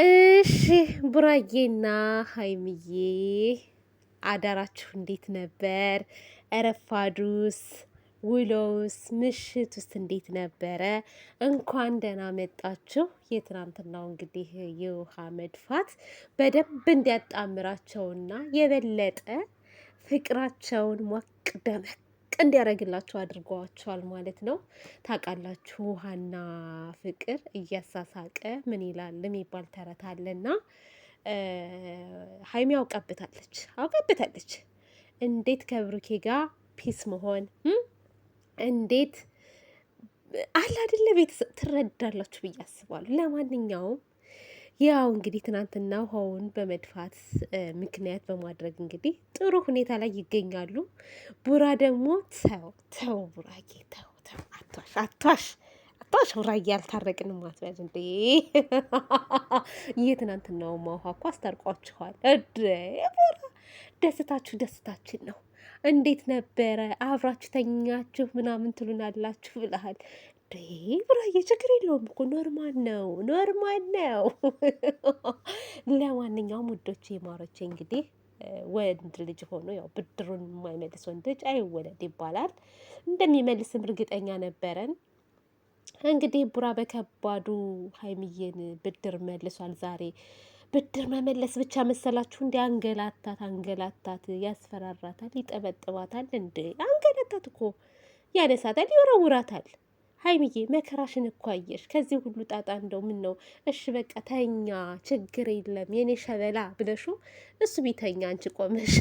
እሺ ቡራዬና ሀይምዬ አዳራችሁ እንዴት ነበር? እረፋዱስ፣ ውሎውስ፣ ምሽቱስ እንዴት ነበረ? እንኳን ደህና መጣችሁ። የትናንትናው እንግዲህ የውሃ መድፋት በደንብ እንዲያጣምራቸውና የበለጠ ፍቅራቸውን ሞቅ ደመቅ እንዲያደርግላቸው አድርጓችኋል ማለት ነው። ታውቃላችሁ ውሃና ፍቅር እያሳሳቀ ምን ይላል የሚባል ተረት አለና ሀይሚ አውቀብታለች። አውቀብታለች እንዴት ከብሩኬ ጋር ፒስ መሆን እንዴት አለ አይደለ ቤተሰብ ትረዳላችሁ ብዬ አስባለሁ። ለማንኛውም ያው እንግዲህ ትናንትና ውሃውን በመድፋት ምክንያት በማድረግ እንግዲህ ጥሩ ሁኔታ ላይ ይገኛሉ። ቡራ ደግሞ ተው ተው ቡራጌ ተው ተው፣ አቷሽ አቷሽ አቷሽ ቡራጌ አልታረቅንም አትበል እንዴ! ትናንትናው ውሃ እኮ አስታርቋችኋል። እድ ቡራ ደስታችሁ ደስታችን ነው። እንዴት ነበረ አብራችሁ ተኛችሁ ምናምን ትሉናላችሁ ብለሃል። ብራዬ ችግር የለውም እኮ ኖርማል ነው፣ ኖርማል ነው። ለማንኛውም ውዶች የማረች እንግዲህ ወንድ ልጅ ሆኖ ያው ብድሩን የማይመልስ ወንድ ልጅ አይወለድ ይባላል። እንደሚመልስም እርግጠኛ ነበረን። እንግዲህ ቡራ በከባዱ ሀይሚዬን ብድር መልሷል። ዛሬ ብድር መመለስ ብቻ መሰላችሁ? እንዲ አንገላታት አንገላታት፣ ያስፈራራታል፣ ይጠበጥባታል፣ እንዴ አንገላታት እኮ ያነሳታል፣ ይወረውራታል። ሀይሚዬ መከራሽን እኮ አየሽ። ከዚህ ሁሉ ጣጣ እንደው ምን ነው? እሺ በቃ ተኛ፣ ችግር የለም የኔ ሸበላ ብለሹ እሱ ቢተኛ አንቺ ቆመሽ።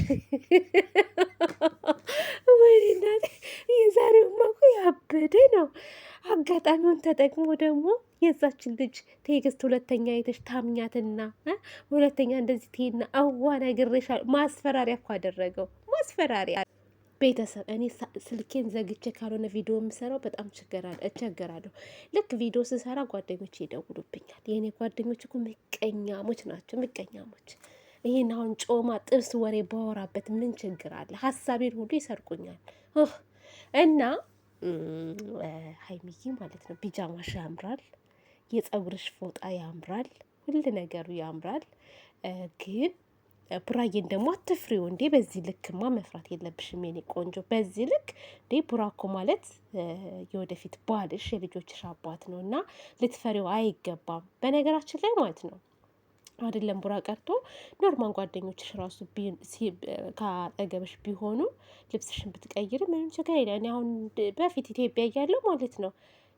ወይና የዛሬውማ እኮ ያበደ ነው። አጋጣሚውን ተጠቅሞ ደግሞ የዛችን ልጅ ቴክስት ሁለተኛ አይተሽ ታምኛትና ሁለተኛ እንደዚህ ትሄድና አዋ ነግሬሻል። ማስፈራሪያ እኮ አደረገው ማስፈራሪያ ቤተሰብ እኔ ስልኬን ዘግቼ ካልሆነ ቪዲዮ የምሰራው በጣም እቸገራለሁ። ልክ ቪዲዮ ስሰራ ጓደኞች ይደውሉብኛል። የእኔ ጓደኞች እኮ ምቀኛሞች ናቸው፣ ምቀኛሞች። ይህን አሁን ጮማ ጥብስ ወሬ ባወራበት ምን ችግር አለ? ሀሳቤን ሁሉ ይሰርቁኛል እና ሀይሚዬ ማለት ነው ቢጃማሽ ያምራል፣ የጸጉርሽ ፎጣ ያምራል፣ ሁሉ ነገሩ ያምራል ግን ቡራዬን ደግሞ አትፍሪው እንዴ! በዚህ ልክማ መፍራት የለብሽም የኔ ቆንጆ። በዚህ ልክ እንዴ! ቡራ እኮ ማለት የወደፊት ባልሽ የልጆችሽ አባት ነው እና ልትፈሪው አይገባም። በነገራችን ላይ ማለት ነው አይደለም ቡራ ቀርቶ ኖርማን ጓደኞችሽ ራሱ ካጠገብሽ ቢሆኑ ልብስሽን ብትቀይር ምንም ችግር የለም። እኔ አሁን በፊት ኢትዮጵያ እያለሁ ማለት ነው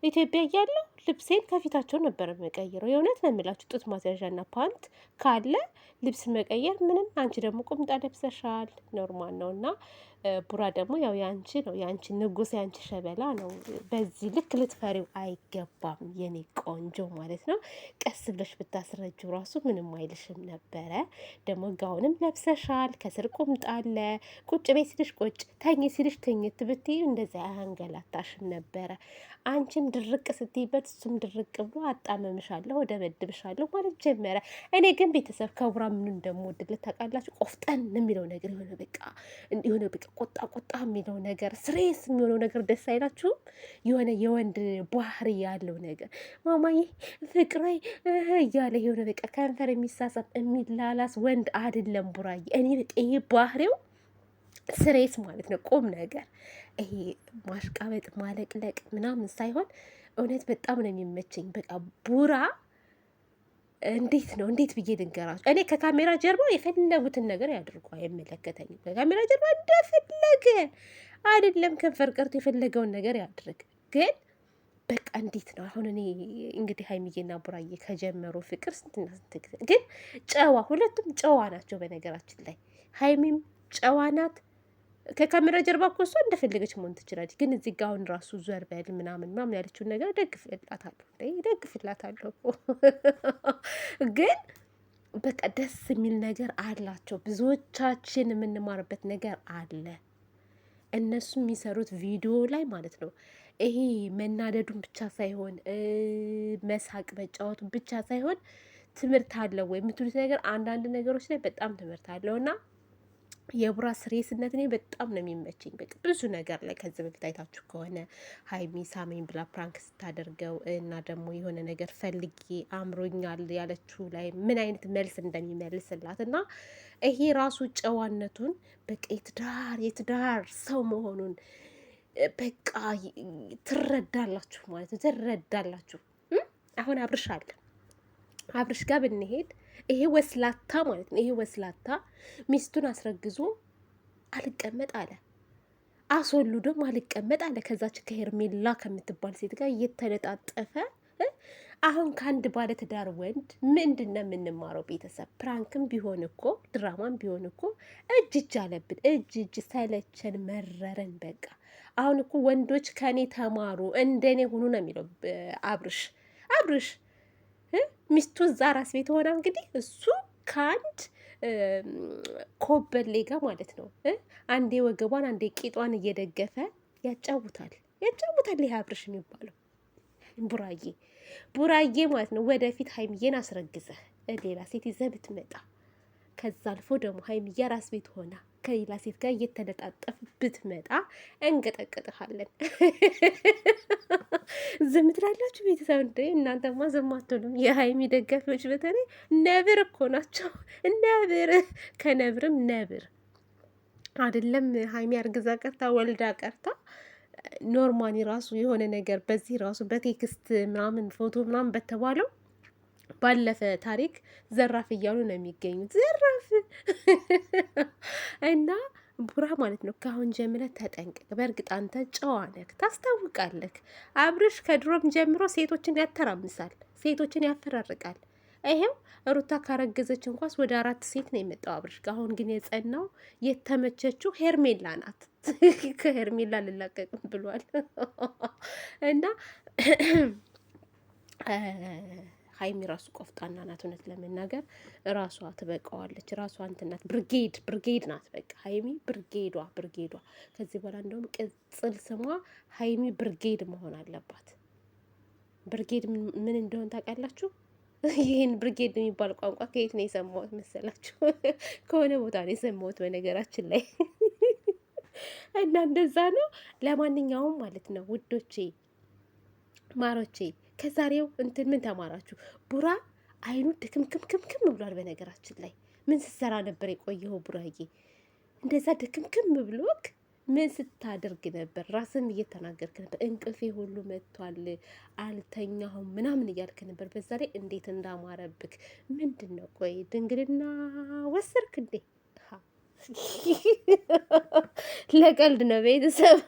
ኢትዮጵያ እያለሁ ልብሴን ከፊታቸው ነበር የምቀይረው። የእውነት ነው የሚላችሁ ጡት ማስያዣና ፓንት ካለ ልብስ መቀየር ምንም። አንቺ ደግሞ ቁምጣ ለብሰሻል፣ ኖርማል ነው እና ቡራ ደግሞ ያው ያንቺ ነው ያንቺ ንጉስ ያንቺ ሸበላ ነው። በዚህ ልክ ልትፈሪው አይገባም የኔ ቆንጆ ማለት ነው። ቀስ ብለሽ ብታስረጁ ራሱ ምንም አይልሽም ነበረ። ደግሞ ጋውንም ለብሰሻል፣ ከስር ቁምጣ አለ። ቁጭ ቤት ሲልሽ ቁጭ፣ ተኝ ሲልሽ ተኝት ብትዩ እንደዚያ አያንገላታሽም ነበረ። አንቺም ድርቅ ስትይበት እሱም ድርቅ ብሎ አጣመምሻለሁ፣ ደበድብሻለሁ ማለት ጀመረ። እኔ ግን ቤተሰብ ከቡራ ምኑ እንደምወድ ታውቃላችሁ። ቆፍጠን የሚለው ነገር የሆነ በቃ የሆነ በቃ ቆጣ ቆጣ የሚለው ነገር ስሬስ የሚሆነው ነገር ደስ አይላችሁም? የሆነ የወንድ ባህሪ ያለው ነገር ማማዬ ፍቅሬ እያለ የሆነ በቃ ከንፈር የሚሳሳት የሚላላስ ወንድ አይደለም ቡራዬ። እኔ በቃ ይሄ ባህሪው ስሬስ ማለት ነው። ቁም ነገር ይሄ ማሽቃበጥ ማለቅለቅ ምናምን ሳይሆን እውነት በጣም ነው የሚመቸኝ። በቃ ቡራ እንዴት ነው እንዴት ብዬ ልንገራቸው? እኔ ከካሜራ ጀርባ የፈለጉትን ነገር ያድርጉ፣ አይመለከተኝም። ከካሜራ ጀርባ እንደፈለገ አይደለም ከንፈር ቀርቶ የፈለገውን ነገር ያድርግ። ግን በቃ እንዴት ነው አሁን እኔ እንግዲህ ሀይሚዬና ቡራዬ ከጀመሩ ፍቅር ስንትና ስንት ግን ጨዋ፣ ሁለቱም ጨዋ ናቸው። በነገራችን ላይ ሀይሚም ጨዋ ናት። ከካሜራ ጀርባ እኮ እሷ እንደፈለገች መሆን ትችላለች። ግን እዚህ ጋ አሁን ራሱ ዘር በል ምናምን ምናምን ያለችውን ነገር ደግፍላታለሁ ደግፍላታለሁ። ግን በቃ ደስ የሚል ነገር አላቸው። ብዙዎቻችን የምንማርበት ነገር አለ እነሱ የሚሰሩት ቪዲዮ ላይ ማለት ነው። ይሄ መናደዱን ብቻ ሳይሆን መሳቅ መጫወቱን ብቻ ሳይሆን ትምህርት አለው ወይ የምትሉት ነገር አንዳንድ ነገሮች ላይ በጣም ትምህርት አለው እና የቡራ ስሬስነት እኔ በጣም ነው የሚመቸኝ። በቃ ብዙ ነገር ላይ ከዚህ በፊት አይታችሁ ከሆነ ሀይሚ ሳሜን ብላ ፕራንክ ስታደርገው እና ደግሞ የሆነ ነገር ፈልጌ አምሮኛል ያለችው ላይ ምን አይነት መልስ እንደሚመልስላት እና ይሄ ራሱ ጨዋነቱን በቃ የትዳር የትዳር ሰው መሆኑን በቃ ትረዳላችሁ ማለት ነው። ትረዳላችሁ። አሁን አብርሽ አለ አብርሽ ጋር ብንሄድ ይሄ ወስላታ ማለት ነው። ይሄ ወስላታ ሚስቱን አስረግዞ አልቀመጥ አለ። አስወልዶም አልቀመጥ አለ። ከዛች ከሄርሜላ ከምትባል ሴት ጋር እየተለጣጠፈ አሁን ከአንድ ባለትዳር ወንድ ምንድን ነው የምንማረው? ቤተሰብ ፕራንክም ቢሆን እኮ ድራማም ቢሆን እኮ እጅ እጅ አለብን። እጅ እጅ ሰለቸን፣ መረረን። በቃ አሁን እኮ ወንዶች ከኔ ተማሩ፣ እንደኔ ሁኑ ነው የሚለው አብርሽ አብርሽ ሚስቱ እዛ ራስ ቤት ሆና እንግዲህ እሱ ከአንድ ኮበሌ ጋ ማለት ነው አንዴ ወገቧን አንዴ ቂጧን እየደገፈ ያጫውታል ያጫውታል። ይህ አብርሽ የሚባለው ቡራዬ ቡራዬ ማለት ነው። ወደፊት ሀይምዬን አስረግዘህ ሌላ ሴት ይዘህ ብትመጣ ከዛ አልፎ ደግሞ ሀይምዬ ራስ ቤት ሆና ከሌላ ሴት ጋር እየተለጣጠፍ ብትመጣ እንገጠቅጥሃለን። ዝም ትላላችሁ ቤተሰብ እንደ እናንተማ ዝም አትሉም። የሀይሚ ደጋፊዎች በተለይ ነብር እኮ ናቸው። ነብር ከነብርም ነብር አይደለም። ሀይሚ አርግዛ ቀርታ ወልዳ ቀርታ ኖርማኒ ራሱ የሆነ ነገር በዚህ ራሱ በቴክስት ምናምን ፎቶ ምናምን በተባለው ባለፈ ታሪክ ዘራፍ እያሉ ነው የሚገኙት። ዘራፍ እና ቡራ ማለት ነው። ከአሁን ጀምረ ተጠንቀቅ። በእርግጥ አንተ ጨዋ ነህ፣ ታስታውቃለህ። አብርሽ ከድሮም ጀምሮ ሴቶችን ያተራምሳል፣ ሴቶችን ያፈራርቃል። ይሄው ሩታ ካረገዘች እንኳስ ወደ አራት ሴት ነው የመጣው አብርሽ። አሁን ግን የጸናው የተመቸችው ሄርሜላ ናት። ከሄርሜላ ልላቀቅም ብሏል እና ሀይሚ ራሱ ቆፍጣና ናት። እውነት ለመናገር ራሷ ትበቃዋለች። ራሷ እንትናት ብርጌድ ብርጌድ ናት። በቃ ሀይሚ ብርጌዷ ብርጌዷ። ከዚህ በኋላ እንደውም ቅጽል ስሟ ሀይሚ ብርጌድ መሆን አለባት። ብርጌድ ምን እንደሆን ታውቃላችሁ? ይህን ብርጌድ የሚባል ቋንቋ ከየት ነው የሰማሁት መሰላችሁ? ከሆነ ቦታ ነው የሰማሁት በነገራችን ላይ እና እንደዛ ነው። ለማንኛውም ማለት ነው ውዶቼ ማሮቼ ከዛሬው እንትን ምን ተማራችሁ? ቡራ አይኑ ድክምክምክምክም ብሏል። በነገራችን ላይ ምን ስትሰራ ነበር የቆየኸው ቡራዬ? እንደዛ ድክምክም ብሎክ ምን ስታደርግ ነበር? ራስን እየተናገርክ ነበር። እንቅልፌ ሁሉ መጥቷል፣ አልተኛሁም ምናምን እያልክ ነበር። በዛ ላይ እንዴት እንዳማረብክ ምንድን ነው? ቆይ ድንግልና ወሰርክ እንዴ? ለቀልድ ነው ቤተሰብ።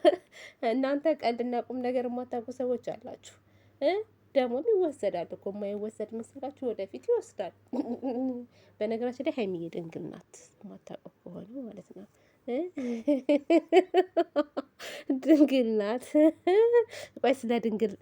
እናንተ ቀልድና ቁም ነገር የማታውቁ ሰዎች አላችሁ። ደግሞም ይወሰዳል እኮ የማይወሰድ መሰላችሁ? ወደፊት ይወስዳል። በነገራችን ላይ ሀይሚዬ ድንግል ናት፣ ማታውቀው ከሆነ ማለት ነው። ድንግል ናት። ቆይ ስለ ድንግል